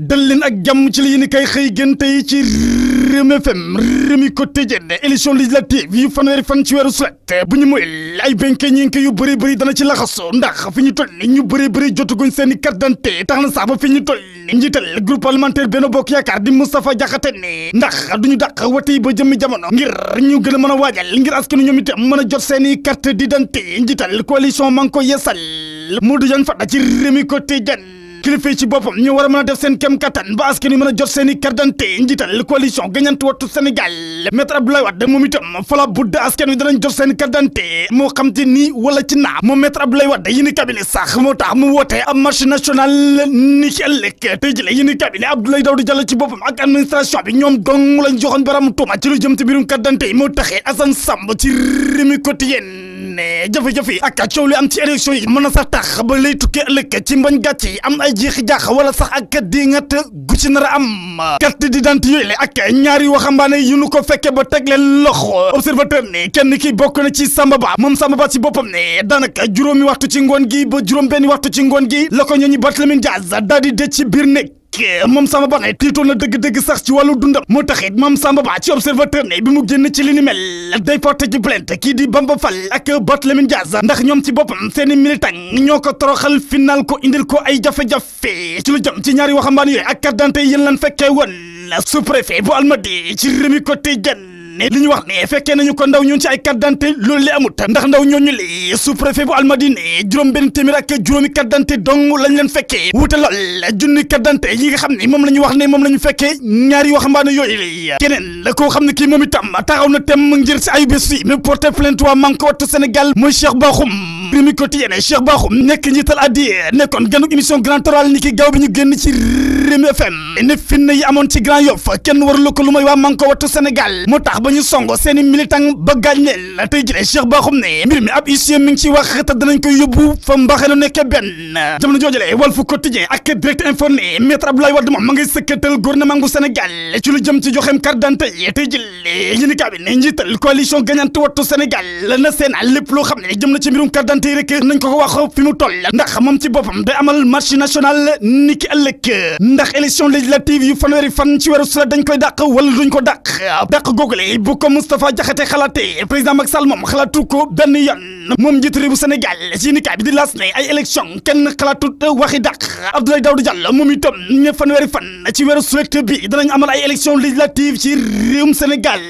dal leen ak jàmm ci li yéen kay xëy gën tey ci Rewmi FM Rewmi Quotidien élection législative yu fanweeri fan ci weeru sulet bu ñu moyul ay benke ñenke yu bëri bëri dana ci laxasu ndax fi ñu toll ni ñu bëri bëri jotaguñ seen i carte d'identité tax na sax ba fi ñu toll ni njiital groupe parlementaire Benno Bokk Yaakaar di Moustapha Diakhaté ne ndax duñu dàq wate yi ba jëmmi jamono ngir ñu gën a mën a waajal ngir askanu ñoom itam mën a jot seen i carte d'identité njiital coalition Manko Yeesal Modou Diagne Fada ci Rewmi Quotidien kilifa yi ci boppam ñu war a mën a def seen kem kattan ba askan wi mën a jot seen i kardante njiital coalition gagnante wattu Sénégal maître Abdoulaye Wade moom itam fala budd askan wi danañ jot seen kardante moo xam te nii wala ci naa moom maître Abdoulaye Wade yi ni sax moo tax mu wootee am marche nationale ni ki ëllëg tey jële yi ni kabine Abdoulaye Daouda ci boppam ak administration bi ñoom dong lañ joxoon baram tuuma ci lu jëm ci biirum a sax tax ba lay ay jiixi jaax wala sax ak kat di ngat gu ci nar a am carte d'identité yooyu la ak ñaari waxambaane yu nu ko fekke ba teg leen loxo observateur ni kenn ki bokk na ci Samba Ba moom Samba Ba ci boppam ne daanaka juróomi waxtu ci ngoon gi ba juróom benn waxtu ci ngoon gi la ko ñooñu Barthélémy Dias daal di dëj ci biir nekk moom Samba Ba ne tiitoon na dëgg-dëgg sax ci wàllu dundam moo tax it moom Samba Ba ci observateur ne bi mu génn ci li ni mel day porté ci plainte kii di Bamba Fall ak Barthélémy Dias ndax ñoom ci boppam seeni militant ñoo ko toroxal final ko indil ko ay jafe-jafe ci lu jëm ci ñaari waxambaane yooyu ak carte d'identité yéen lan fekkee woon sous-préfet bu Almadies ci Rewmi Quotidien ne li ñu wax ne fekkee nañu ko ndaw ñun ci ay carte d'identité loolu li amut ndax ndaw ñooñu li sous-préfet bu Almadies ne juróom benn téeméer ak juróomi carte d'identité dong lañ leen fekkee wuute lool junni carte d'identité yi nga xam ne moom la ñu wax ne moom la ñu fekkee ñaari waxambaane yooyu li keneen la koo xam ne kii moom itam taxaw na tem ngir si ay bés yi mu porté plainte waa Manko Wattu Sénégal muy Cheikh Bakhoum mbir mi quotidien Cheikh Bakhoum nekk njiital addi nekkoon ganuk émission grand oral ni ki gaaw bi ñu génn ci Rewmi FM ne finna yi amoon ci Grand Yoff kenn warula ko lu may waa Manko Wattu Sénégal moo tax ba ñu songo seeni militant ba gaañ leen la tey jëlee ne mbir mi ab huissier mi ngi ciy wax te danañ koy yóbbu fa mbaxelu nekke benn jamono joojale Walf Quotidien ak Direct Info ne maître Abdoulaye Wade moom ma ngay sëkkatal Sénégal ci lu jëm ci i kaa bi ne njiital coalition gagnante Wattu Sénégal loo xam ne jëm na ci mbirum carte xamante nañ ko ko wax fi mu toll ndax moom ci boppam day amal marche national ni ki ëllëg ndax élection législative yu fanweeri fan ci weeru sula dañ koy dàq wala duñ ko dàq dàq googule bu ko Moustapha jaxete xalaatee président Macky Sall moom xalaatu ko benn yoon moom njiitu réewu Sénégal ci ni kaay bi di laas ne ay élection kenn xalaatut waxi dàq Abdoulaye Daouda Diallo moom itam ne fanweeri fan ci weeru sulet bi danañ amal ay élection législative ci réewum Sénégal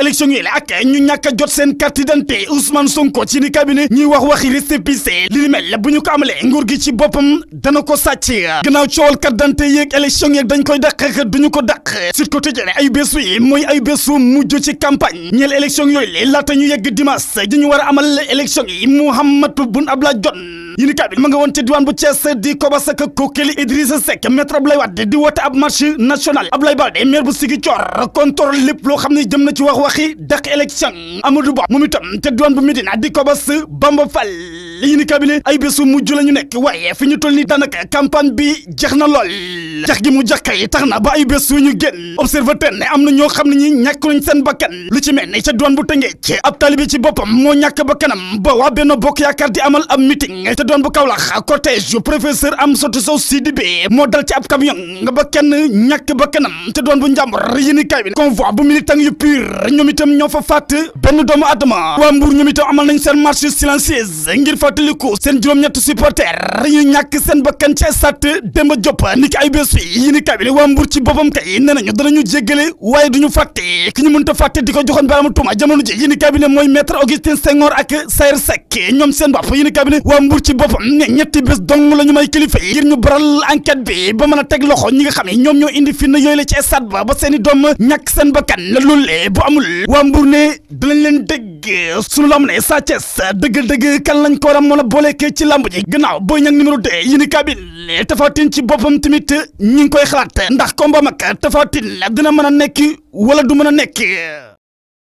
élection yi la ak ñu ñàkk a jot seen carte d'identité Ousmane Sonko ci ni cabinet ñuy wax waxi récépissé li ni mel bu ñu ko amalee nguur gi ci boppam dana ko sàcc gannaaw coowal carte d'identité yeeg élection yeeg dañ koy daq du ñu ko dàq sur côté jene ay bésu yi mooy ay bésu mujj ci campagne ñeel élection yooyu le laata ñu yegg dimanche di ñu war a amal élection yi Mouhamadou ab Abdallah jot yéen kat bi ma nga woon ca diwaan bu Thiès di Kobas ak Kokkeli Idrissa Seck maître Abdoulaye Wade di woote ab marché national Abdoulaye Baldé maire bu Ziguinchor contrôle lépp loo xam ne jëm na ci wax waxi dàq élection Amadou Ba moom itam ca diwaan bu Médina di Kobas Bamba Fall li ñu ni cabinet ay bésu mujj la ñu nekk waaye fi ñu toll ni daanaka campagne bi jeex na lool jax gi mu jax kay tax na ba ay bés suñu génn observateur ne am na ñoo xam ne ñi ñàkk seen bakkan lu ci mel ne ca doon bu tëngee ci ab taalibe ci boppam moo ñàkk bakkanam ba waa Benno Bokk Yaakaar di amal ab meeting ca doon bu Kaolack cortège yu professeur Amsatou Sow Sidibé moo dal ci ab camion ba kenn ñàkk bakkanam te doon bu njàmbur yéen kay bi convoi bu militant yu pur ñoom itam ñoo fa fàtt benn doomu adama waa Mbour ñoom itam amal nañ seen marche silencieuse fàttaliku seen juróom-ñetti supporter ñu ñàkk seen bakkan ci sàtt Demba Diop ni ay bés yi yéen i waa Mbour ci boppam kay nee nañu danañu jéggale waaye duñu fàtte ki ñu mënta fàtte di ko joxoon baramu tuuma jamono ji yéen i kaay bi mooy maître Augustin Senghor ak Sayer Seck ñoom seen bopp yéen i kaay bi ne waa Mbour ci boppam ñetti bés dong la may kilifa yi ñu baral enquête bi ba mën a teg loxo ñi nga xam ñoom ñoo indi firnde yooyu la ci stade gi sunu lamb ne Sa Thiès dëgg-dëgg kan lañ ko war a mën a ci lamb ji gannaaw Boy Niang numéro 2 yi ni kabin Tapha Tine ci boppam tamit ñi ngi koy xalaat ndax combat mag Tapha Tine dina mën a nekk wala du mën a nekk